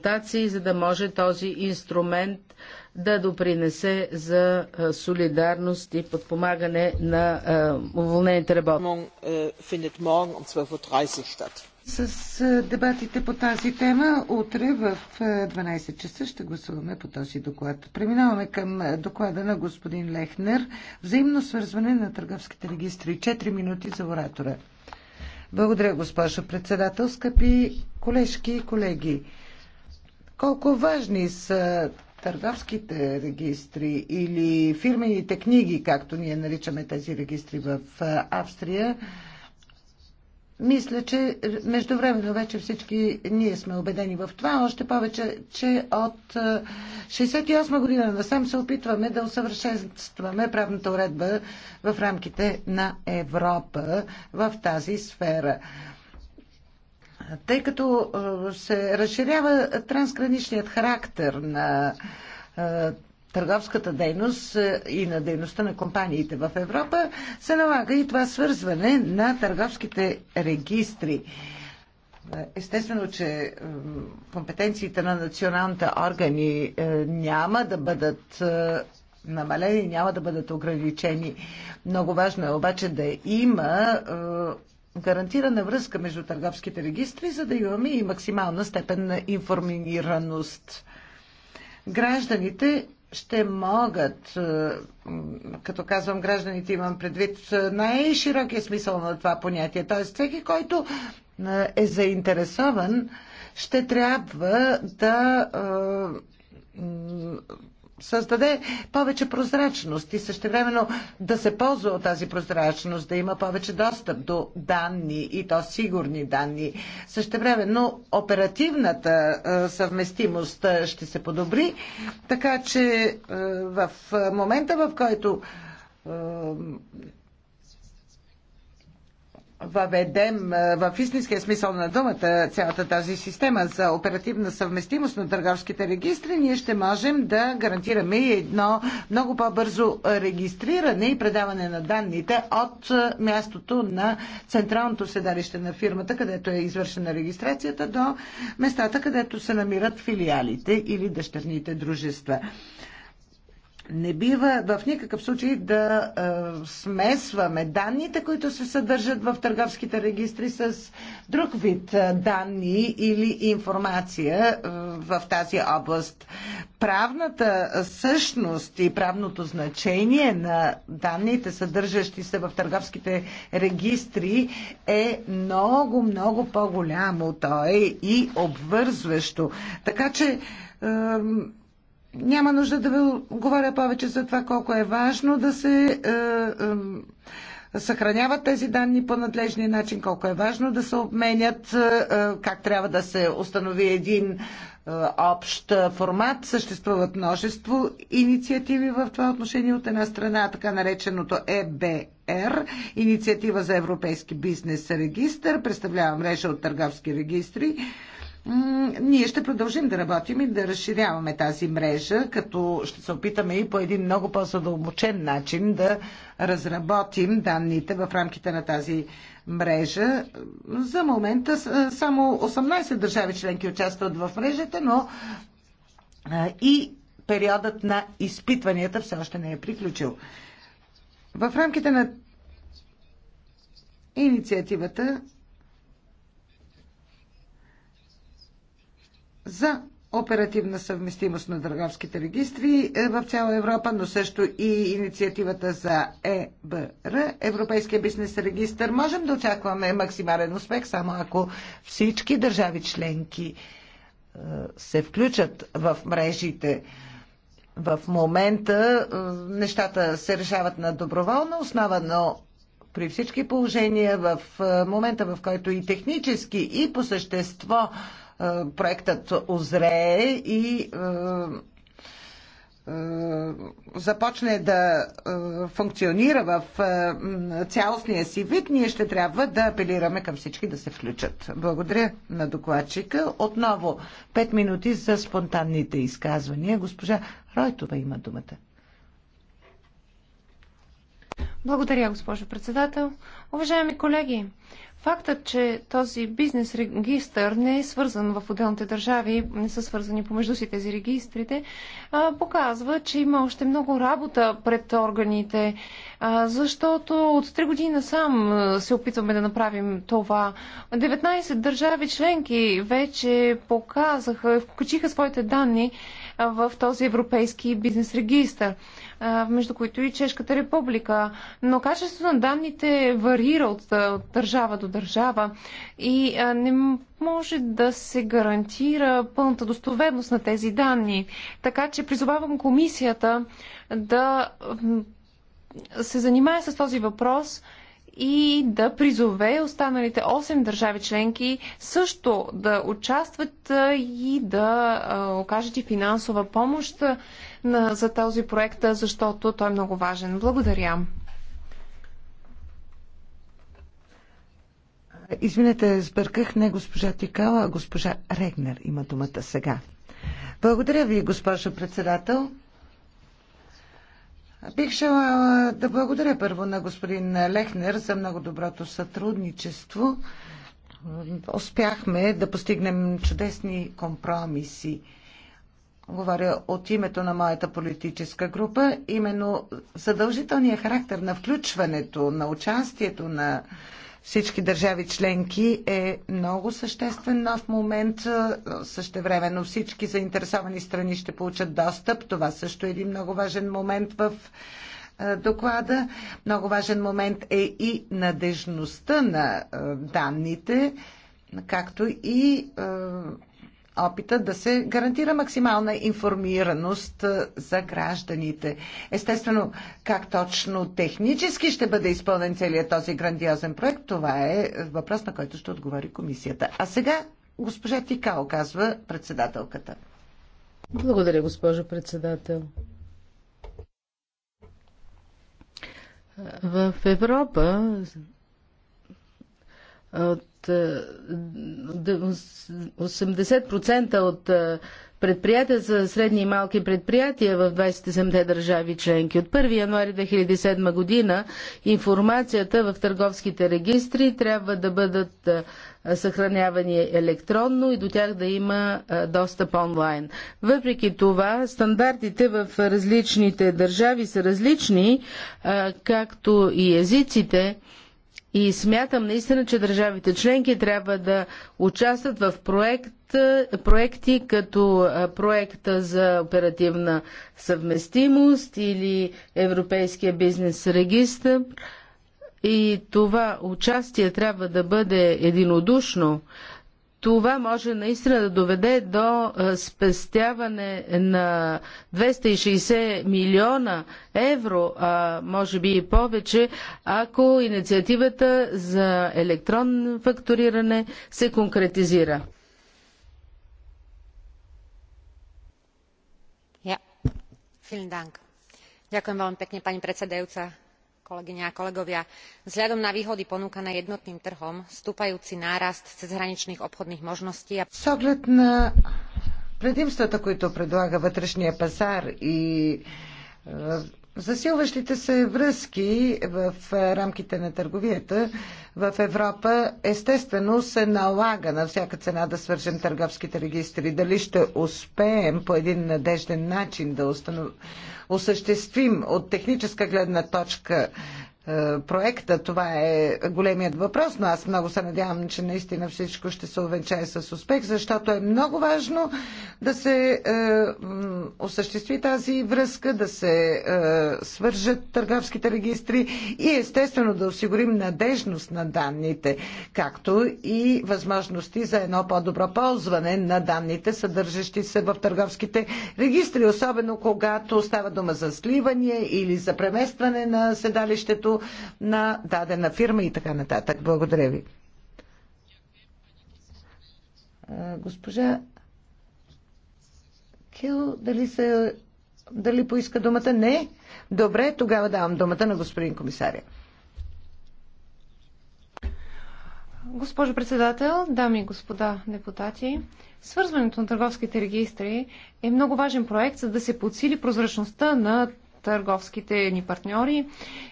консултации, за да може този инструмент да допринесе за солидарност и подпомагане на уволнените работници. Е, С дебатите по тази тема утре в 12 часа ще гласуваме по този доклад. Преминаваме към доклада на господин Лехнер. Взаимно свързване на търговските регистри. 4 минути за оратора. Благодаря, госпожо председател. Скъпи колежки и колеги, колко важни са търговските регистри или фирмените книги, както ние наричаме тези регистри в Австрия, мисля, че междувременно вече всички ние сме убедени в това, още повече, че от 68 година насам се опитваме да усъвършенстваме правната уредба в рамките на Европа в тази сфера. Тъй като се разширява трансграничният характер на търговската дейност и на дейността на компаниите в Европа, се налага и това свързване на търговските регистри. Естествено, че компетенциите на националните органи няма да бъдат намалени, няма да бъдат ограничени. Много важно е обаче да има гарантирана връзка между търговските регистри, за да имаме и максимална степен на информираност. Гражданите ще могат, е, като казвам гражданите, имам предвид е, най-широкия смисъл на това понятие. Т.е. всеки, който е, е заинтересован, ще трябва да създаде повече прозрачност и същевременно да се ползва от тази прозрачност, да има повече достъп до данни и то сигурни данни. Същевременно оперативната съвместимост ще се подобри, така че в момента в който въведем в истинския смисъл на думата цялата тази система за оперативна съвместимост на търговските регистри, ние ще можем да гарантираме и едно много по-бързо регистриране и предаване на данните от мястото на централното седалище на фирмата, където е извършена регистрацията, до местата, където се намират филиалите или дъщерните дружества. Не бива в никакъв случай да е, смесваме данните, които се съдържат в търговските регистри с друг вид данни или информация в тази област. Правната същност и правното значение на данните, съдържащи се в търговските регистри, е много, много по-голямо. То е и обвързващо. Така че. Е, няма нужда да ви говоря повече за това колко е важно да се е, е, съхраняват тези данни по надлежния начин, колко е важно да се обменят, е, е как трябва да се установи един е, общ формат. Съществуват множество инициативи в това отношение. От една страна така нареченото ЕБР, инициатива за европейски бизнес регистр, представлява мрежа от търговски регистри ние ще продължим да работим и да разширяваме тази мрежа, като ще се опитаме и по един много по-задълбочен начин да разработим данните в рамките на тази мрежа. За момента само 18 държави членки участват в мрежата, но и периодът на изпитванията все още не е приключил. В рамките на инициативата за оперативна съвместимост на търговските регистри е, в цяла Европа, но също и инициативата за ЕБР, Европейския бизнес регистр. Можем да очакваме максимален успех, само ако всички държави членки е, се включат в мрежите. В момента е, нещата се решават на доброволна основа, но при всички положения в момента, в който и технически, и по същество е, проектът озрее и е, е, започне да функционира в цялостния си вид, ние ще трябва да апелираме към всички да се включат. Благодаря на докладчика. Отново 5 минути за спонтанните изказвания. Госпожа Ройтова има думата. Благодаря, госпожо председател. Уважаеми колеги, фактът, че този бизнес регистър не е свързан в отделните държави, не са свързани помежду си тези регистрите, показва, че има още много работа пред органите, защото от 3 години сам се опитваме да направим това. 19 държави членки вече показаха, включиха своите данни в този европейски бизнес регистр, между които и Чешката република. Но качеството на данните варира от, държава до държава и не може да се гарантира пълната достоверност на тези данни. Така че призовавам комисията да се занимае с този въпрос и да призове останалите 8 държави членки също да участват и да окажат и финансова помощ за този проект, защото той е много важен. Благодаря. Извинете, сбърках не госпожа Тикала, а госпожа Регнер има думата сега. Благодаря ви, госпожо председател. Бих желала да благодаря първо на господин Лехнер за много доброто сътрудничество. Успяхме да постигнем чудесни компромиси. Говоря от името на моята политическа група. Именно задължителният характер на включването, на участието на всички държави членки е много съществен нов момент. Същевременно всички заинтересовани страни ще получат достъп. Това също е един много важен момент в е, доклада. Много важен момент е и надежността на е, данните, както и е, опита да се гарантира максимална информираност за гражданите. Естествено, как точно технически ще бъде изпълнен целият този грандиозен проект, това е въпрос, на който ще отговори комисията. А сега госпожа Тикао казва председателката. Благодаря, госпожо председател. В Европа от 80% е, от е, предприятия са средни и малки предприятия в 27-те държави членки. От 1 януари 2007 година информацията в търговските регистри трябва да бъдат е, съхранявани електронно и до тях да има достъп онлайн. Въпреки това, стандартите в различните държави са различни, както и езиците. И смятам наистина, че държавите членки трябва да участват в проект, проекти като проекта за оперативна съвместимост или Европейския бизнес регистр. И това участие трябва да бъде единодушно, това може наистина да доведе до е, спестяване на 260 милиона евро, а може би и повече, ако инициативата за електронно фактуриране се конкретизира. Dank. Ďakujem veľmi pekne, pani predsedajúca kolegyne a kolegovia vzhľadom na výhody ponúkané jednotným trhom stúpajúci nárast cezhraničných обходних možností a с оглед на предимствата, които предлага вътрешния пазар и засилващите се връзки в рамките на търговията, в Европа, естествено се налага на всяка цена да свържем търговските регистри. Дали ще успеем по един надежден начин да установ... осъществим от техническа гледна точка е, проекта. Това е големият въпрос, но аз много се надявам, че наистина всичко ще се увенчае с успех, защото е много важно да се е, осъществи тази връзка, да се е, свържат търговските регистри и естествено да осигурим надежност на данните, както и възможности за едно по-добро ползване на данните, съдържащи се в търговските регистри, особено когато става дума за сливане или за преместване на седалището на дадена фирма и така нататък. Благодаря ви. Е, госпожа Хил, дали, се, дали поиска думата? Не. Добре, тогава давам думата на господин комисаря. Госпожо председател, дами и господа депутати, свързването на търговските регистри е много важен проект, за да се подсили прозрачността на търговските ни партньори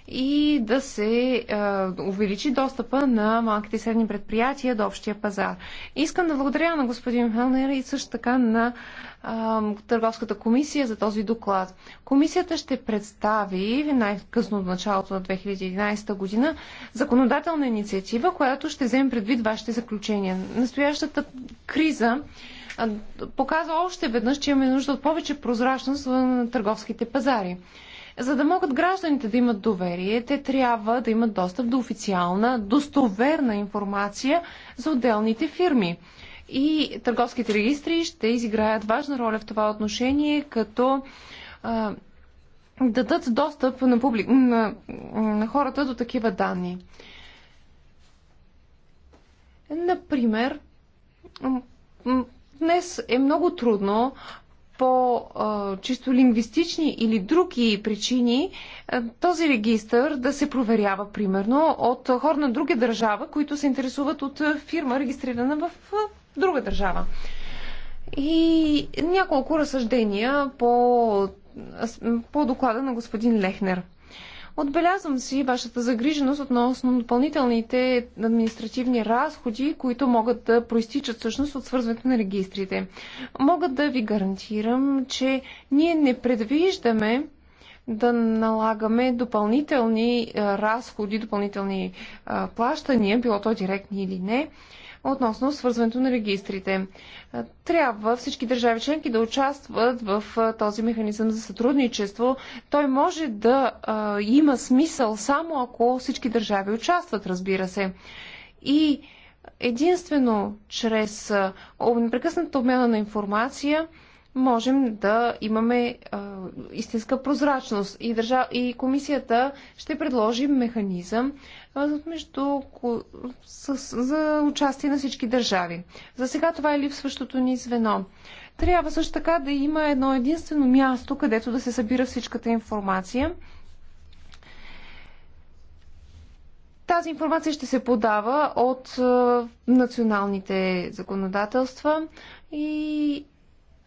и да се е, увеличи достъпа на малките и средни предприятия до общия пазар. Искам да благодаря на господин Хелнер и също така на е, Търговската комисия за този доклад. Комисията ще представи най-късно в началото на 2011 година законодателна инициатива, която ще вземе предвид вашите заключения. Настоящата криза показва още веднъж, че имаме нужда от повече прозрачност на търговските пазари. За да могат гражданите да имат доверие, те трябва да имат достъп до официална, достоверна информация за отделните фирми. И търговските регистри ще изиграят важна роля в това отношение, като а, дадат достъп на, публи... на, на хората до такива данни. Например, Днес е много трудно по а, чисто лингвистични или други причини този регистър да се проверява, примерно, от хора на друга държава, които се интересуват от фирма, регистрирана в друга държава. И няколко разсъждения по, по доклада на господин Лехнер. Отбелязвам си вашата загриженост относно допълнителните административни разходи, които могат да проистичат всъщност от свързването на регистрите. Мога да ви гарантирам, че ние не предвиждаме да налагаме допълнителни разходи, допълнителни плащания, било то директни или не, относно свързването на регистрите. Е, трябва всички държави членки да участват в е, този механизъм за сътрудничество. Той може да а, е, има смисъл само ако всички държави участват, разбира се. И единствено чрез непрекъсната обмяна на информация, можем да имаме а, истинска прозрачност. И, държа... и комисията ще предложи механизъм а, между... с... за участие на всички държави. За сега това е липсващото ни звено. Трябва също така да има едно единствено място, където да се събира всичката информация. Тази информация ще се подава от националните законодателства и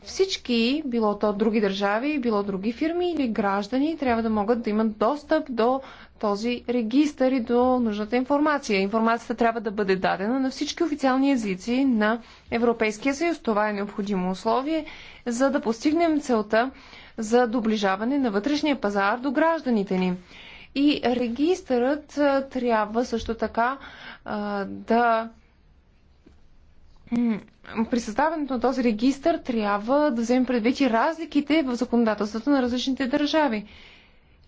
всички, било то други държави, било други фирми или граждани, трябва да могат да имат достъп до този регистър и до нужната информация. Информацията трябва да бъде дадена на всички официални езици на Европейския съюз. Това е необходимо условие, за да постигнем целта за доближаване на вътрешния пазар до гражданите ни. И регистърът трябва също така да при създаването на този регистр трябва да вземем предвид и разликите в законодателството на различните държави.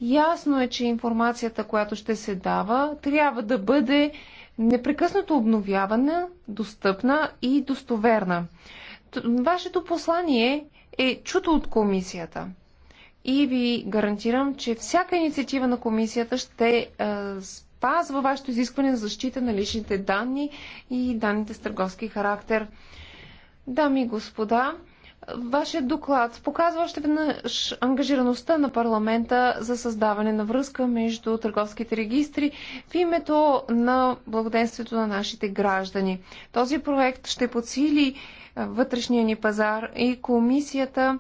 Ясно е, че информацията, която ще се дава, трябва да бъде непрекъснато обновявана, достъпна и достоверна. Вашето послание е чуто от комисията. И ви гарантирам, че всяка инициатива на комисията ще е, спазва вашето изискване за защита на личните данни и данните с търговски характер. Дами и господа, вашият доклад показва още веднъж ангажираността на парламента за създаване на връзка между търговските регистри в името на благоденствието на нашите граждани. Този проект ще подсили вътрешния ни пазар и комисията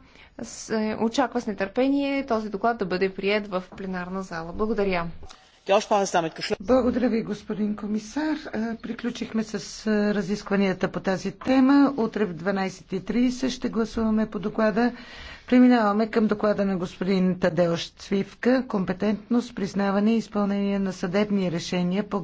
е, очаква с нетърпение този доклад да бъде прият в пленарна зала. Благодаря. Благодаря ви, господин комисар. Е, приключихме с е, разискванията по тази тема. Утре в 12.30 ще гласуваме по доклада. Преминаваме към доклада на господин Тадеош Цвивка. Компетентност, признаване и изпълнение на съдебни решения по